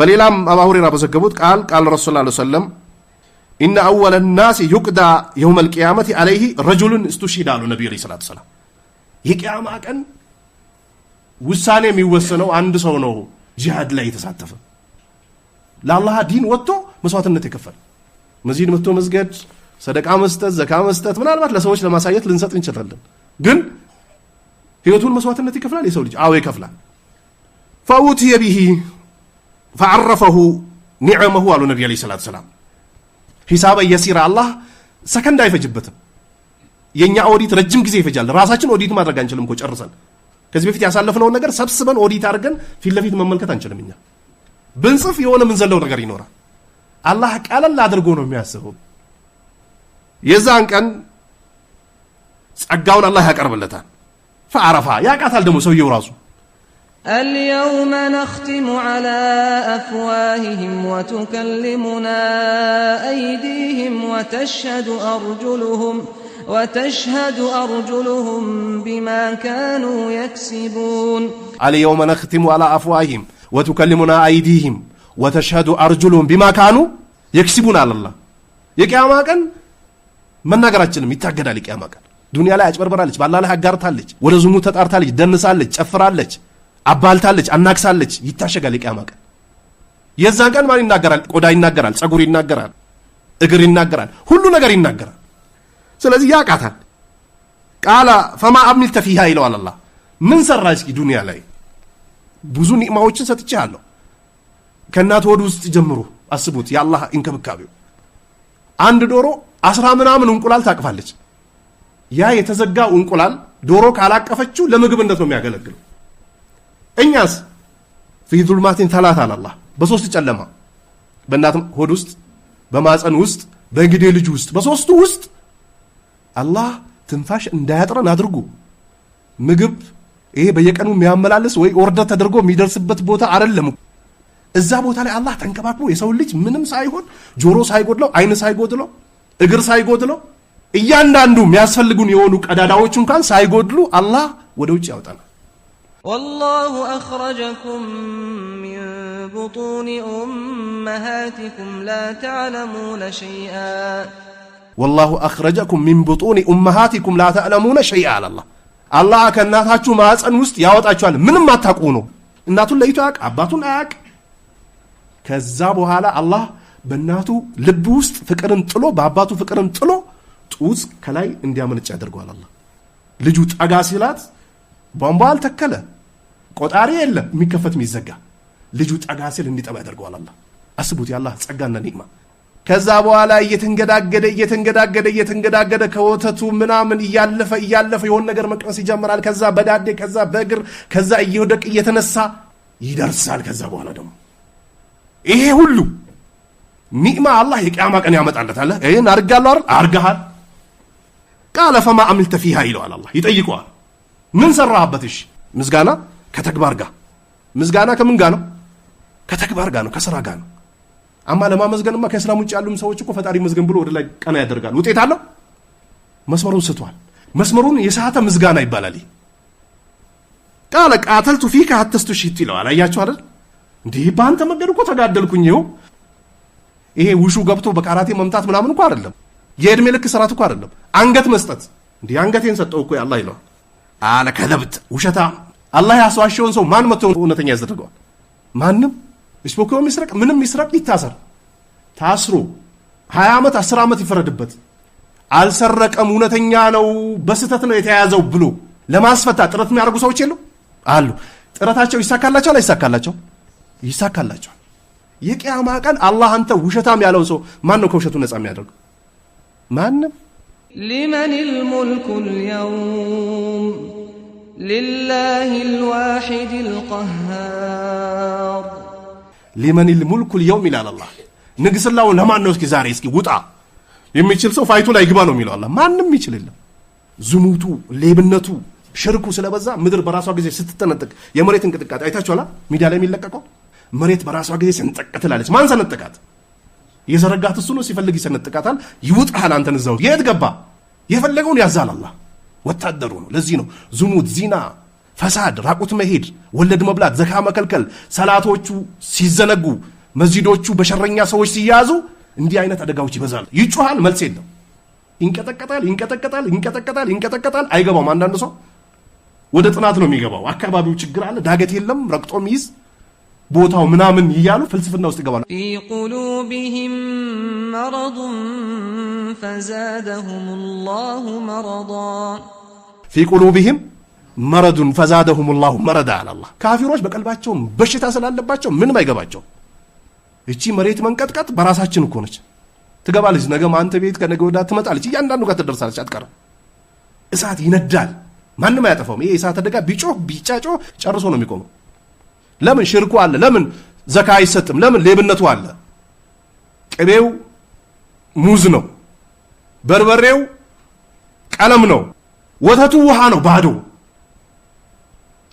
በሌላም አባ ሁሬራ በዘገቡት ቃል ቃል ረሱ ላ ሰለም ኢነ አወለ ናስ ዩቅዳ የውም ልቅያመት አለይህ ረጁሉን እስቱሺድ አሉ ነቢዩ ለ ስላት ሰላም። የቅያማ ቀን ውሳኔ የሚወሰነው አንድ ሰው ነው ጂሃድ ላይ የተሳተፈ ለአላህ ዲን ወጥቶ መስዋዕትነት የከፈለ መዚድ መጥቶ መስገድ፣ ሰደቃ መስጠት፣ ዘካ መስጠት ምናልባት ለሰዎች ለማሳየት ልንሰጥ እንችላለን። ግን ህይወቱን መስዋዕትነት ይከፍላል። የሰው ልጅ አዎ ይከፍላል። ፈውትየ ቢሂ ፈዓረፈሁ ኒዕመሁ አሉ ነቢ ዓለይሂ ሰላቱ ሰላም። ሂሳበ የሲራ አላህ ሰከንድ አይፈጅበትም። የእኛ ኦዲት ረጅም ጊዜ ይፈጃል። ራሳችን ኦዲት ማድረግ አንችልም እኮ ጨርሰን። ከዚህ በፊት ያሳለፍነውን ነገር ሰብስበን ኦዲት አድርገን ፊት ለፊት መመልከት አንችልም። እኛ ብንጽፍ የሆነ ምንዘለው ነገር ይኖራል። አላህ ቀለል አድርጎ ነው የሚያስበው። የዛን ቀን ጸጋውን አላህ ያቀርብለታል። ፈዐረፋ ያቃታል ደግሞ ሰውየው ራሱ اليوم نختم على أفواههم وتكلمنا أيديهم وتشهد أرجلهم وتشهد أرجلهم بما كانوا يكسبون اليوم نختم على أفواههم وتكلمنا أيديهم وتشهد أرجلهم بما كانوا يكسبون على الله የቅያማ ቀን መናገራችንም ይታገዳል። የቅያማ ቀን ዱንያ ላይ አጭበርበራለች፣ ባላ ላይ አጋርታለች፣ ወደ ዝሙት ተጣርታለች፣ ደንሳለች፣ ጨፍራለች። አባልታለች፣ አናክሳለች፣ ይታሸጋል። የቅያማ ቀን የዛን ቀን ማን ይናገራል? ቆዳ ይናገራል፣ ጸጉር ይናገራል፣ እግር ይናገራል፣ ሁሉ ነገር ይናገራል። ስለዚህ ያቃታል። ቃላ ፈማ አሚልተ ፊሃ ይለዋል አላህ። ምን ሰራ እስኪ ዱንያ ላይ ብዙ ኒዕማዎችን አለሁ። ከእናት ወድ ውስጥ ጀምሮ አስቡት የአላህ እንክብካቤው። አንድ ዶሮ አስራ ምናምን እንቁላል ታቅፋለች። ያ የተዘጋው እንቁላል ዶሮ ካላቀፈችው ለምግብነት ነው የሚያገለግለው። እኛስ ፊ ዙልማቲን ተላት አላህ በሶስት ጨለማ በእናት ሆድ ውስጥ በማፀን ውስጥ በእንግዴ ልጅ ውስጥ በሶስቱ ውስጥ አላህ ትንፋሽ እንዳያጥረን አድርጉ። ምግብ ይሄ በየቀኑ የሚያመላልስ ወይ ኦርደር ተደርጎ የሚደርስበት ቦታ አይደለም። እዛ ቦታ ላይ አላህ ተንከባክቦ የሰው ልጅ ምንም ሳይሆን ጆሮ ሳይጎድለው፣ አይን ሳይጎድለው፣ እግር ሳይጎድለው እያንዳንዱ የሚያስፈልጉን የሆኑ ቀዳዳዎች እንኳን ሳይጎድሉ አላህ ወደ ውጭ ያወጣናል። والله أخرجكم من بطون أمهاتكم لا تعلمون شيئا والله أخرجكم من بطون أمهاتكم لا تعلمون شيئا على الله الله أكن ناتاتشو ما أسأل مست ياوت من ما تقونو الناتو اللي يتوك عباتو ناك كذابو هالا الله بناتو لبوست فكر انتلو باباتو فكر انتلو توز كلاي انديامن اتشادر قوال الله لجوت أقاسي لات بومبال تكله ቆጣሪ የለም የሚከፈት የሚዘጋ ልጁ ጠጋ ሲል እንዲጠባ ያደርገዋል። አላ አስቡት፣ ያላ ጸጋና ኒዕማ። ከዛ በኋላ እየተንገዳገደ እየተንገዳገደ እየተንገዳገደ ከወተቱ ምናምን እያለፈ እያለፈ የሆን ነገር መቅመስ ይጀምራል። ከዛ በዳዴ ከዛ በእግር ከዛ እየወደቅ እየተነሳ ይደርሳል። ከዛ በኋላ ደግሞ ይሄ ሁሉ ኒዕማ አላህ የቅያማ ቀን ያመጣለታል። ይህን አርጋለሁ አይደል? አርግሃል ቃለ ፈማ አምልተ ፊሃ ይለዋል። አላህ ይጠይቀዋል። ምን ሰራህበት? እሺ ምስጋና ከተግባር ጋር ምዝጋና ከምን ጋር ነው? ከተግባር ጋር ነው፣ ከስራ ጋር ነው። አማ ማ ከእስላም ውጭ ያሉም ሰዎች እኮ ፈጣሪ መዝገን ብሎ ወደ ላይ ቀና ያደርጋል። ውጤት አለው? መስመሩን ስቷል። መስመሩን የሳተ ምዝጋና ይባላል። ቃለ ቃተልቱ ፊከ ሀተስቱ ሽት ይለዋል። አያችሁ አይደል? እንዲህ በአንተ መንገድ እኮ ተጋደልኩኝ። ይኸው ይሄ ውሹ ገብቶ በካራቴ መምታት ምናምን እኮ አይደለም። የእድሜ ልክ ስራት እኮ አይደለም። አንገት መስጠት እንዲህ አንገቴን ሰጠው እኮ ያላ ይለዋል። አለ ከዘብት ውሸታም አላህ ያስዋሸውን ሰው ማን መቶ እውነተኛ ያስደርገዋል? ማንም። ስፖኪዮም ይስረቅ፣ ምንም ይስረቅ፣ ይታሰር፣ ታስሮ ሀያ ዓመት አስር ዓመት ይፈረድበት። አልሰረቀም እውነተኛ ነው በስህተት ነው የተያያዘው ብሎ ለማስፈታ ጥረት የሚያደርጉ ሰዎች የሉ አሉ። ጥረታቸው ይሳካላቸዋል? አይሳካላቸው? ይሳካላቸዋል። የቅያማ ቀን አላህ አንተ ውሸታም ያለው ሰው ማን ነው ከውሸቱ ነፃ የሚያደርገው? ማንም። ሊመን ልሙልኩ ልየውም لله الواحد القهار لمن الملك اليوم ይላል አላህ ንግስላው ለማን ነው? እስኪ ዛሬ እስኪ ውጣ የሚችል ሰው ፋይቱ ላይ ግባ ነው የሚለው አላህ። ማንም ይችል የለም። ዝሙቱ፣ ሌብነቱ፣ ሽርኩ ስለበዛ ምድር በራሷ ጊዜ ስትጠነጥቅ የመሬት እንቅጥቃጤ አይታችኋላ? ሚዲያ ላይ የሚለቀቀው መሬት በራሷ ጊዜ ስንጠቅ ትላለች። ማን ሰነጥቃት? የዘረጋት እሱ ነው። ሲፈልግ ይሰነጥቃታል። ይውጣሃል አንተን እዛው የት ገባ? የፈለገውን ያዛል አላህ ወታደሩ ነው። ለዚህ ነው ዝሙት፣ ዚና፣ ፈሳድ፣ ራቁት መሄድ፣ ወለድ መብላት፣ ዘካ መከልከል፣ ሰላቶቹ ሲዘነጉ፣ መዚዶቹ በሸረኛ ሰዎች ሲያዙ እንዲህ አይነት አደጋዎች ይበዛል። ይጩሃል፣ መልስ የለም። ይንቀጠቀጣል፣ ይንቀጠቀጣል፣ ይንቀጠቀጣል፣ ይንቀጠቀጣል። አይገባም። አንዳንድ ሰው ወደ ጥናት ነው የሚገባው። አካባቢው ችግር አለ፣ ዳገት የለም፣ ረግጦ ሚይዝ ቦታው ምናምን እያሉ ፍልስፍና ውስጥ ይገባሉ። ፊ ቁሉብህም መረዱን ፈዛደሁም ላሁ መረዳ ፊ ቁሉብህም መረዱን ፈዛደሁም ላሁ መረዳ አላላ። ካፊሮች በቀልባቸውም በሽታ ስላለባቸው ምንም አይገባቸው። እቺ መሬት መንቀጥቀጥ በራሳችን እኮ ነች። ትገባለች፣ ነገ አንተ ቤት ከነገ ወዳ ትመጣለች፣ እያንዳንዱ ጋር ትደርሳለች፣ አትቀርም። እሳት ይነዳል፣ ማንም አያጠፋውም። ይሄ የእሳት አደጋ ቢጮህ ቢጫጮህ ጨርሶ ነው የሚቆመው። ለምን ሽርኩ አለ? ለምን ዘካ አይሰጥም? ለምን ሌብነቱ አለ? ቅቤው ሙዝ ነው፣ በርበሬው ቀለም ነው፣ ወተቱ ውሃ ነው ባዶ።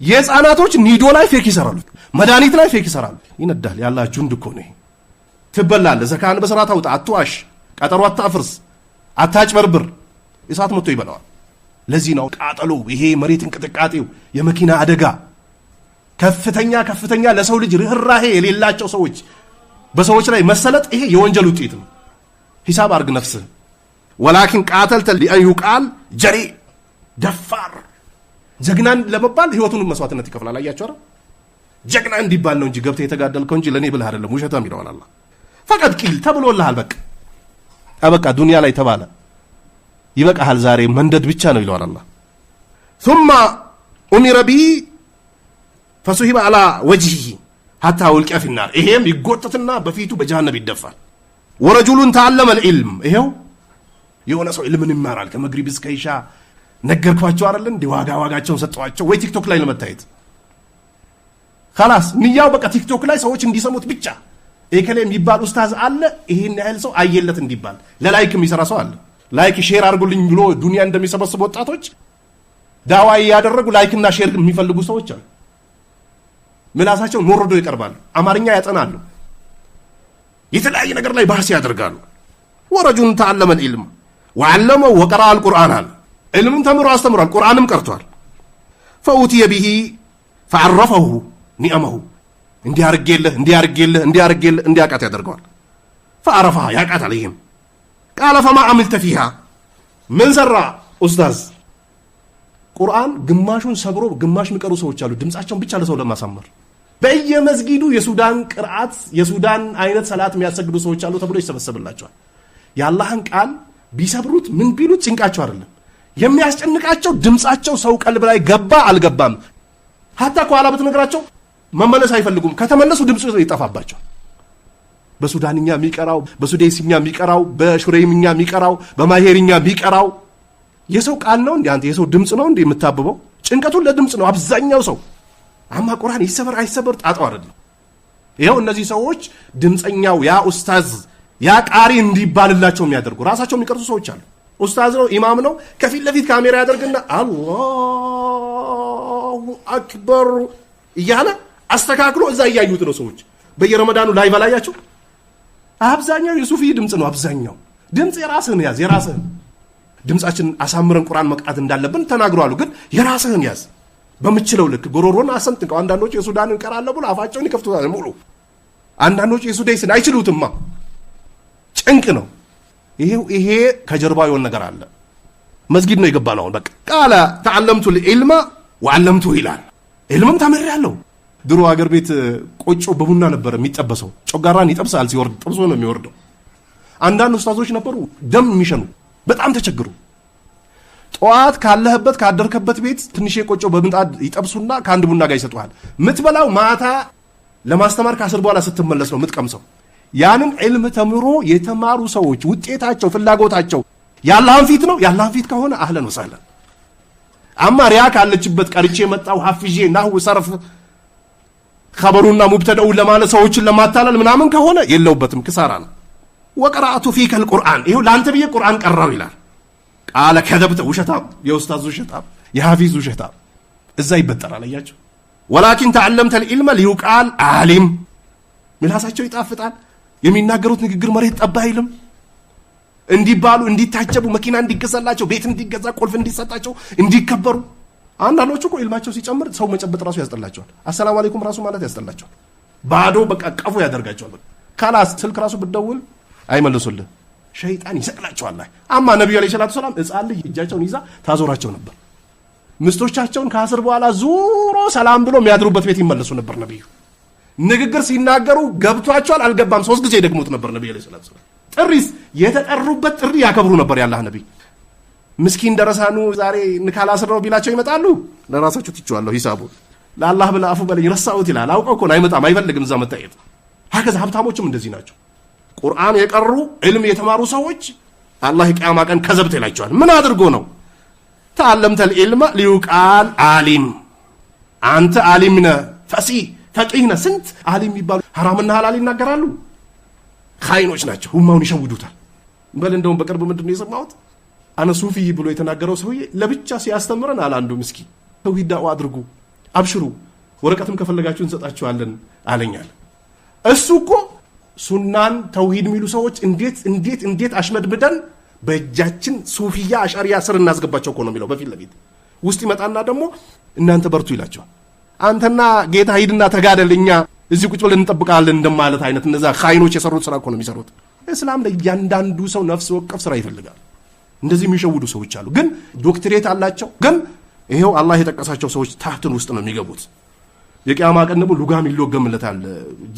የህፃናቶች ኒዶ ላይ ፌክ ይሰራሉ፣ መድኃኒት ላይ ፌክ ይሰራሉ። ይነዳል ያላ ጁንድ እኮ ነው። ትበላለህ። ዘካህን በስርዓት አውጣ። አትዋሽ፣ ቀጠሮ አታፍርስ፣ አታጭበርብር። እሳት መጥቶ ይበላዋል። ለዚህ ነው ቃጠሎ፣ ይሄ መሬት እንቅጥቃጤው፣ የመኪና አደጋ ከፍተኛ ከፍተኛ ለሰው ልጅ ርኅራሄ የሌላቸው ሰዎች በሰዎች ላይ መሰለጥ ይሄ የወንጀል ውጤት ነው። ሂሳብ አርግ ነፍስህ። ወላኪን ቃተልተ ሊአን ዩቃል ጀሪ ደፋር ጀግናን ለመባል ህይወቱን መስዋዕትነት ይከፍላል። አያቸው ጀግና እንዲባል ነው እንጂ ገብተህ የተጋደልከው እንጂ ለእኔ ብለህ አይደለም። ውሸታም ይለዋል አላህ። ፈቀድ ቂል ተብሎልሃል። በቃ አበቃ፣ ዱንያ ላይ ተባለ። ይበቃሃል፣ ዛሬ መንደድ ብቻ ነው ይለዋል አላህ ثم أمر به ፈሱሂበ አላ ወጅሂ ሀታ ውልቂያ ፊናር ይሄም ይጎተትና በፊቱ በጀሃነብ ይደፋል። ወረጁሉን ተአለመ ልዕልም ይሄው የሆነ ሰው ዕልምን ይማራል ከመግሪብ እስከ ኢሻ ነገርኳቸው አይደል እንዲ ዋጋ ዋጋቸውን ሰጠዋቸው ወይ ቲክቶክ ላይ ለመታየት ካላስ ንያው በቃ ቲክቶክ ላይ ሰዎች እንዲሰሙት ብቻ ኤከሌ የሚባል ኡስታዝ አለ ይሄን ያህል ሰው አየለት እንዲባል ለላይክ የሚሰራ ሰው አለ ላይክ ሼር አድርጉልኝ ብሎ ዱንያ እንደሚሰበስቡ ወጣቶች ዳዋ እያደረጉ ላይክና ሼር የሚፈልጉ ሰዎች አሉ ምላሳቸውን ሞርዶ ይቀርባሉ። አማርኛ ያጠናሉ። የተለያየ ነገር ላይ ባህስ ያደርጋሉ። ወረጁን ተአለመል ኢልም ወዓለመው ወቀራ አልቁርአን አለ ዕልምን ተምሮ አስተምሯል። ቁርአንም ቀርቷል። ፈውትየ ብሂ ፈዓረፈሁ ኒዕመሁ እንዲያርጌልህ እንዲያርጌልህ እንዲያርጌልህ እንዲያቃት ያደርገዋል። ፈአረፋ ያቃታል። ይህም ቃለ ፈማ አምልተ ፊሃ ምን ሰራ ኡስታዝ? ቁርአን ግማሹን ሰብሮ ግማሽ የሚቀሩ ሰዎች አሉ፣ ድምፃቸውን ብቻ ለሰው ለማሳመር በየመስጊዱ የሱዳን ቅርአት የሱዳን አይነት ሰላት የሚያሰግዱ ሰዎች አሉ ተብሎ ይሰበሰብላቸዋል። የአላህን ቃል ቢሰብሩት ምን ቢሉት ጭንቃቸው አይደለም። የሚያስጨንቃቸው ድምፃቸው ሰው ቀልብ ላይ ገባ አልገባም። ሀታ ከኋላ ብትነግራቸው መመለስ አይፈልጉም። ከተመለሱ ድምፁ ይጠፋባቸዋል። በሱዳንኛ የሚቀራው፣ በሱዴስኛ የሚቀራው፣ በሹሬምኛ የሚቀራው፣ በማሄርኛ የሚቀራው የሰው ቃል ነው እንዲ አንተ የሰው ድምፅ ነው እንዲ የምታብበው። ጭንቀቱን ለድምፅ ነው አብዛኛው ሰው አማ ቁርአን ይሰበር አይሰበር ጣጣው አይደለም። ይኸው እነዚህ ሰዎች ድምፀኛው ያ ኡስታዝ ያ ቃሪ እንዲባልላቸው የሚያደርጉ ራሳቸው የሚቀርጹ ሰዎች አሉ። ኡስታዝ ነው ኢማም ነው ከፊት ለፊት ካሜራ ያደርግና አላሁ አክበር እያለ አስተካክሎ እዛ እያዩት ነው ሰዎች። በየረመዳኑ ላይ በላያቸው አብዛኛው የሱፊ ድምፅ ነው። አብዛኛው ድምፅ የራስህን ያዝ፣ የራስህን ድምፃችንን አሳምረን ቁርአን መቅራት እንዳለብን ተናግሯሉ። ግን የራስህን ያዝ። በምችለው ልክ ጎሮሮን አሰምጥንቀው። አንዳንዶች የሱዳንን እንቀራለን ብሎ አፋቸውን ይከፍቱታል ሙሉ። አንዳንዶች የሱዴስን አይችሉትማ፣ ጭንቅ ነው ይሄ። ከጀርባ የሆን ነገር አለ። መስጊድ ነው የገባ ነው። በቃ ቃለ ተዓለምቱ ልዕልማ ወዓለምቱ ይላል። ዕልምም ታመሪ ያለው ድሮ አገር ቤት ቆጮ በቡና ነበረ የሚጠበሰው። ጮጋራን ይጠብሳል፣ ሲወርድ ጥብሶ ነው የሚወርደው። አንዳንድ ውስታዞች ነበሩ ደም የሚሸኑ በጣም ተቸግሩ። ጠዋት ካለህበት ካደርከበት ቤት ትንሽ ቆጮ በምጣድ ይጠብሱና ከአንድ ቡና ጋር ይሰጡሃል። ምትበላው ማታ ለማስተማር ከአስር በኋላ ስትመለስ ነው ምትቀምሰው። ያንን ዕልም ተምሮ የተማሩ ሰዎች ውጤታቸው ፍላጎታቸው ያለህን ፊት ነው። ያለህን ፊት ከሆነ አህለን ወሳለን። አማ ሪያ ካለችበት ቀርቼ የመጣው ሀፍዤ ናሁ ሰርፍ ከበሩና ሙብተደውን ለማለት ሰዎችን ለማታለል ምናምን ከሆነ የለውበትም፣ ክሳራ ነው። ወቀራአቱ ፊከ ልቁርአን ይኸው ለአንተ ብዬ ቁርአን ቀራው ይላል። ቃለ ከዘብተ ውሸታም፣ የኡስታዝ ውሸታም፣ የሐፊዝ ውሸታም እዛ ይበጠራል። አያቸው ወላኪን ተዓለምተ ልዕልመ ሊዩቃል አሊም። ምላሳቸው ይጣፍጣል። የሚናገሩት ንግግር መሬት ጠባ አይልም። እንዲባሉ እንዲታጀቡ፣ መኪና እንዲገዛላቸው፣ ቤት እንዲገዛ፣ ቁልፍ እንዲሰጣቸው፣ እንዲከበሩ። አንዳንዶቹ እኮ ዕልማቸው ሲጨምር ሰው መጨበጥ ራሱ ያስጠላቸዋል። አሰላሙ አለይኩም ራሱ ማለት ያስጠላቸዋል። ባዶ በቃ ቀፉ ያደርጋቸዋል። ካላስ ስልክ ራሱ ብደውል አይመልሱልህ። ሸይጣን ይሰቅላቸዋል። አማ ነቢዩ ዐለይሂ ሰላቱ ሰላም ሕፃን ልጅ እጃቸውን ይዛ ታዞራቸው ነበር። ምስቶቻቸውን ከአስር በኋላ ዙሮ ሰላም ብሎ የሚያድሩበት ቤት ይመለሱ ነበር። ነቢዩ ንግግር ሲናገሩ ገብቷቸዋል አልገባም፣ ሶስት ጊዜ ደግሞት ነበር። ነቢዩ ዐለይሂ ሰላቱ ሰላም ጥሪ የተጠሩበት ጥሪ ያከብሩ ነበር። ያላህ ነቢይ ምስኪን ደረሳኑ ዛሬ ንካላስረው ቢላቸው ይመጣሉ። ለራሳችሁ ትችዋለሁ ሂሳቡ ለአላህ ብለህ አፉ በለኝ ረሳሁት ይላል። አውቀው እኮ አይመጣም፣ አይፈልግም እዛ መታየት። ሀከዛ ሀብታሞችም እንደዚህ ናቸው። ቁርአን የቀሩ ዕልም የተማሩ ሰዎች አላህ የቅያማ ቀን ከዘብት ይላቸዋል። ምን አድርጎ ነው? ተአለምተል ዒልመ ሊዩቃል አሊም አንተ አሊም ነ ፈሲህ ፈቂህ ስንት አሊም የሚባሉ ሐራምና ሐላል ይናገራሉ። ኻይኖች ናቸው፣ ሁማውን ይሸውዱታል። በል እንደውም በቅርብ ምንድን ነው የሰማሁት? አነ ሱፊይ ብሎ የተናገረው ሰውዬ ለብቻ ሲያስተምረን አለ አንዱ ምስኪን፣ ተውሂድ ዳዕዋ አድርጉ፣ አብሽሩ፣ ወረቀትም ከፈለጋችሁ እንሰጣችኋለን አለኛል። እሱ እኮ ሱናን ተውሂድ የሚሉ ሰዎች እንዴት እንዴት እንዴት አሽመድምደን በእጃችን ሱፊያ አሻሪያ ስር እናስገባቸው እኮ ነው የሚለው በፊት ለፊት ውስጥ ይመጣና ደግሞ እናንተ በርቱ ይላቸዋል። አንተና ጌታ ሂድና ተጋደል፣ እኛ እዚህ ቁጭ ብለን እንጠብቃለን እንደማለት አይነት እነዛ ኻይኖች የሰሩት ስራ እኮ ነው የሚሰሩት። እስላም ለእያንዳንዱ ሰው ነፍስ ወቀፍ ስራ ይፈልጋል። እንደዚህ የሚሸውዱ ሰዎች አሉ። ግን ዶክትሬት አላቸው። ግን ይሄው አላህ የጠቀሳቸው ሰዎች ታህትን ውስጥ ነው የሚገቡት። የቅያማ ቀን ደግሞ ሉጋም ይሎገምለታል።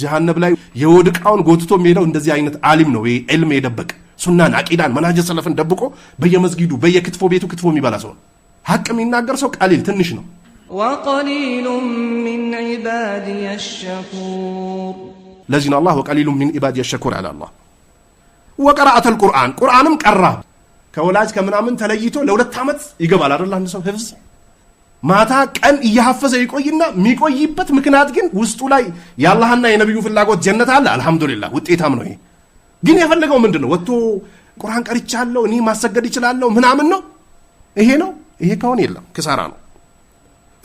ጀሃነብ ላይ የወድቃውን ጎትቶ የሚሄደው እንደዚህ አይነት አሊም ነው። ዕልም የደበቀ ሱናን፣ አቂዳን፣ መናጀ ሰለፍን ደብቆ በየመስጊዱ በየክትፎ ቤቱ ክትፎ የሚበላ ሰው ነው። ሀቅ የሚናገር ሰው ቀሊል ትንሽ ነው። ወቀሊሉ ሚን ባድ ሸኩር። ለዚህ ነው አላህ ወቀሊሉ ሚን ዒባድ የሸኩር አለ አላህ። ወቀራአተል ልቁርአን ቁርአንም ቀራ ከወላጅ ከምናምን ተለይቶ ለሁለት ዓመት ይገባል አደላ አንድ ሰው ህፍዝ ማታ ቀን እያሐፈሰ ይቆይና የሚቆይበት ምክንያት ግን ውስጡ ላይ የአላህና የነቢዩ ፍላጎት ጀነት አለ። አልሐምዱሊላ ውጤታም ነው። ይሄ ግን የፈለገው ምንድን ነው? ወጥቶ ቁርአን ቀርቻለሁ እኔ ማሰገድ ይችላለሁ ምናምን ነው። ይሄ ነው። ይሄ ከሆነ የለም ክሳራ ነው።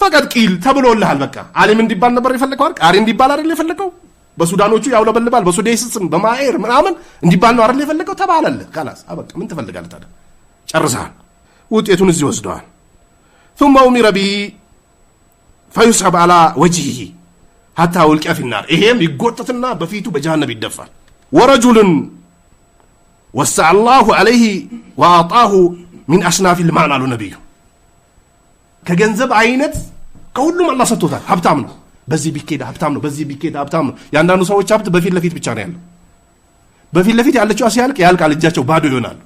ፈቀድ ቂል ተብሎልሃል። በቃ አሊም እንዲባል ነበር የፈለገው አይደል? ቃሪ እንዲባል አይደል የፈለገው? በሱዳኖቹ ያውለበልባል፣ በሱዴስስም በማኤር ምናምን እንዲባል ነው አይደል የፈለገው? ተባለልህ። ካላስ አበቃ። ምን ትፈልጋለህ ታዲያ? ጨርሰሃል። ውጤቱን እዚህ ወስደዋል። ثم أمر به فيسحب على وجهه حتى ألقى في النار إيهم يقوتتنا بفيتو بجهنم يدفع ورجل وسع الله عليه وأعطاه من أشناف المعنى لنبيه كجنزب عينت ከሁሉም አላህ ሰጥቶታል ሀብታም ነው በዚህ ቢኬድ ሀብታም ነው በዚህ ቢኬድ ሀብታም ነው የአንዳንዱ ሰዎች ሀብት በፊት ለፊት ብቻ ነው ያለው በፊት ለፊት ያለችው ሲያልቅ ያልቃል እጃቸው ባዶ ይሆናሉ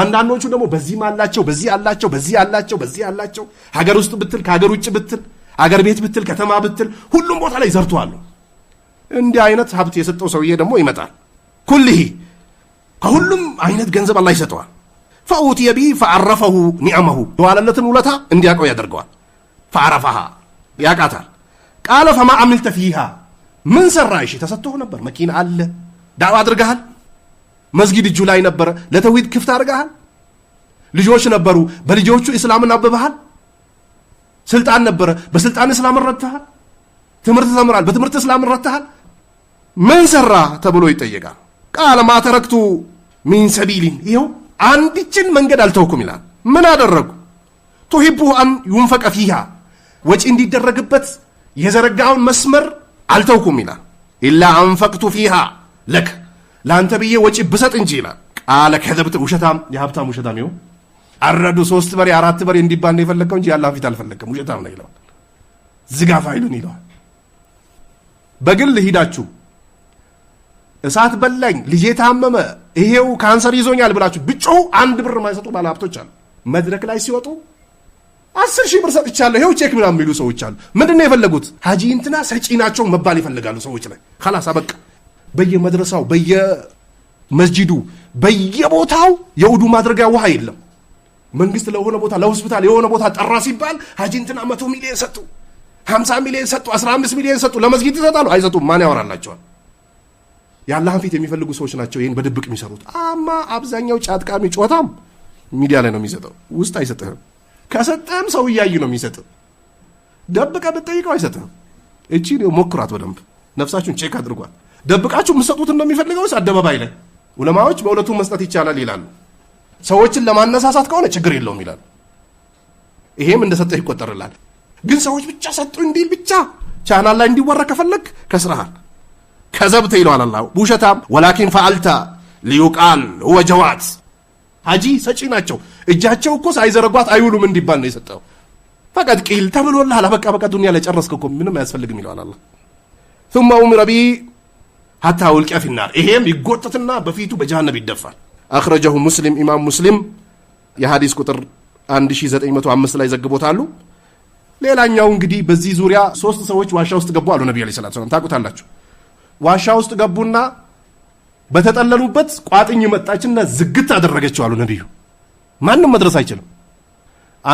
አንዳንዶቹ ደግሞ በዚህም አላቸው፣ በዚህ አላቸው፣ በዚህ አላቸው፣ በዚህ አላቸው። ሀገር ውስጥ ብትል፣ ከሀገር ውጭ ብትል፣ ሀገር ቤት ብትል፣ ከተማ ብትል፣ ሁሉም ቦታ ላይ ዘርቷሉ። እንዲህ አይነት ሀብት የሰጠው ሰውዬ ደግሞ ይመጣል። ኩልህ ከሁሉም አይነት ገንዘብ አላህ ይሰጠዋል። ፈኡትየ ቢ ፈአረፈሁ ኒዕመሁ የዋለለትን ውለታ እንዲያውቀው ያደርገዋል። ፈዐረፈሃ ያቃታል። ቃለ ፈማ አሚልተ ፊሃ ምን ሰራ? እሺ ተሰጥቶ ነበር፣ መኪና አለ፣ ዳዕዋ አድርገሃል መስጊድ እጁ ላይ ነበረ። ለተውሂድ ክፍት አድርገሃል። ልጆች ነበሩ፣ በልጆቹ እስላምን አብበሃል። ስልጣን ነበረ፣ በስልጣን እስላምን ረድተሃል። ትምህርት ተምራል፣ በትምህርት እስላምን ረድተሃል። ምን ሰራ ተብሎ ይጠየቃል። ቃለ ማተረክቱ ሚን ሰቢሊን ይኸው አንድችን መንገድ አልተውኩም ይላል። ምን አደረጉ? ቱሂቡ አን ዩንፈቀ ፊሃ ወጪ እንዲደረግበት የዘረጋውን መስመር አልተውኩም ይላል። ኢላ አንፈቅቱ ፊሃ ለክ ለአንተ ብዬ ወጪ ብሰጥ እንጂ ይላል። ቃለ ከዘብት ውሸታም፣ የሀብታም ውሸታም ይሁን አረዱ ሶስት በሬ አራት በሬ እንዲባል ነው የፈለግከው እንጂ ያላህን ፊት አልፈለግከም። ውሸታም ነው ይለዋል። ዝጋ ፋይሉን ይለዋል። በግል ሂዳችሁ እሳት በላኝ፣ ልጄ ታመመ፣ ይሄው ካንሰር ይዞኛል ብላችሁ ብጩ አንድ ብር ማይሰጡ ባለ ሀብቶች አሉ። መድረክ ላይ ሲወጡ አስር ሺህ ብር ሰጥቻለሁ ይኸው ቼክ ምናምን የሚሉ ሰዎች አሉ። ምንድን ነው የፈለጉት? ሀጂ እንትና ሰጪ ናቸው መባል ይፈልጋሉ ሰዎች ላይ ላስ አበቃ። በየመድረሳው በየመስጂዱ በየቦታው የውዱ ማድረጊያ ውሃ የለም። መንግስት ለሆነ ቦታ ለሆስፒታል የሆነ ቦታ ጠራ ሲባል ሀጂንትና መቶ ሚሊዮን ሰጡ፣ ሀምሳ ሚሊዮን ሰጡ፣ አስራ አምስት ሚሊዮን ሰጡ። ለመስጊድ ይሰጣሉ አይሰጡም? ማን ያወራላቸዋል? የአላህን ፊት የሚፈልጉ ሰዎች ናቸው ይህን በድብቅ የሚሰሩት። አማ አብዛኛው ጫጥቃሚ ጮታም ሚዲያ ላይ ነው የሚሰጠው፣ ውስጥ አይሰጥህም። ከሰጠህም ሰው እያዩ ነው የሚሰጥህ። ደብቀ ብትጠይቀው አይሰጥህም። እቺ ሞክሯት፣ በደንብ ነፍሳችሁን ቼክ አድርጓል። ደብቃችሁ የምትሰጡት እንደሚፈልገውስ አደባባይ ላይ ዑለማዎች በእውነቱ መስጠት ይቻላል ይላሉ። ሰዎችን ለማነሳሳት ከሆነ ችግር የለውም ይላሉ። ይሄም እንደሰጠ ይቆጠርላል። ግን ሰዎች ብቻ ሰጡ እንዲል ብቻ ቻናል ላይ እንዲወራ ከፈለግ ከስርሃል ከዘብተ ይለዋል አላ ውሸታም ወላኪን ፈአልታ ሊዩቃል ወ ጀዋት ሀጂ ሰጪ ናቸው። እጃቸው እኮ ሳይዘረጓት አይውሉም እንዲባል ነው የሰጠው። ፈቀድ ቂል ተብሎልሃል። በቃ በቃ ዱኒያ ላይ ጨረስክ እኮ ምንም አያስፈልግም ይለዋል አላ ثم أمر به ሀታ ውልቂያ ፊናር ይሄም ይጎተትና በፊቱ በጀሃነም ይደፋል። አክረጃሁ ሙስሊም ኢማም ሙስሊም የሀዲስ ቁጥር 1905 ላይ ዘግቦታሉ። ሌላኛው እንግዲህ በዚህ ዙሪያ ሶስት ሰዎች ዋሻ ውስጥ ገቡ አሉ ነቢ ዐለይሂ ሰላም ታውቁታላችሁ። ዋሻ ውስጥ ገቡና በተጠለሉበት ቋጥኝ መጣችና ዝግት አደረገችው አሉ ነቢዩ። ማንም መድረስ አይችልም።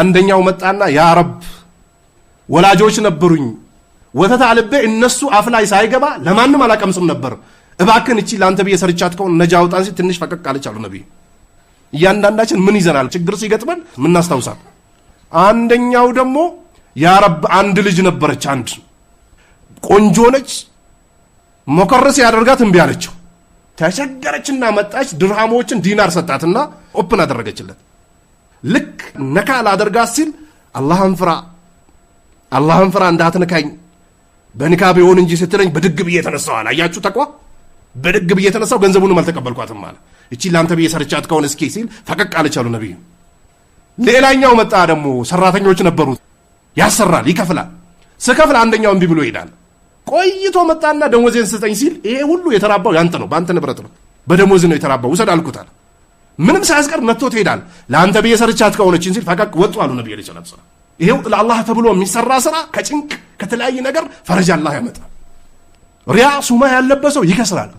አንደኛው መጣና ያ ረብ ወላጆች ነበሩኝ ወተት አልቤ እነሱ አፍ ላይ ሳይገባ ለማንም አላቀምስም ነበር። እባክን እቺ ለአንተ ብዬ ሰርቻት ከሆነ ነጃ አውጣን ሲል ትንሽ ፈቀቅ አለች አሉ ነቢይ። እያንዳንዳችን ምን ይዘናል? ችግር ሲገጥመን ምናስታውሳል። አንደኛው ደግሞ ያረብ አንድ ልጅ ነበረች። አንድ ቆንጆ ነች። ሞከረስ ያደርጋት እምቢ አለችው። ተቸገረችና መጣች። ድርሃሞችን ዲናር ሰጣትና ኦፕን አደረገችለት። ልክ ነካ ላደርጋት ሲል አላህን ፍራ፣ አላህን ፍራ እንዳትነካኝ በንካብ ይሆን እንጂ ስትለኝ በድግ ብዬ ተነሳዋል። አያችሁ ተቋ በድግ ብዬ ተነሳው ገንዘቡንም አልተቀበልኳትም አለ። እቺ ለአንተ ብዬ ሰርቻት ከሆነ እስኪ ሲል ፈቀቅ አለቻሉ ነቢዩ። ሌላኛው መጣ ደግሞ ሰራተኞች ነበሩት። ያሰራል፣ ይከፍላል። ስከፍል አንደኛው እምቢ ብሎ ይሄዳል። ቆይቶ መጣና ደሞዜን ስጠኝ ሲል ይሄ ሁሉ የተራባው ያንተ ነው፣ በአንተ ንብረት ነው፣ በደሞዝ ነው የተራባው፣ ውሰድ አልኩታል። ምንም ሳያስቀር መጥቶ ትሄዳል። ለአንተ ብዬ ሰርቻት ከሆነችን ሲል ፈቀቅ ወጡ አሉ ነቢ ላ ይሄው ለአላህ ተብሎ የሚሰራ ስራ ከጭንቅ ከተለያየ ነገር ፈረጃ አላህ ያመጣል። ሪያ ሱማ ያለበት ሰው ይከስራል።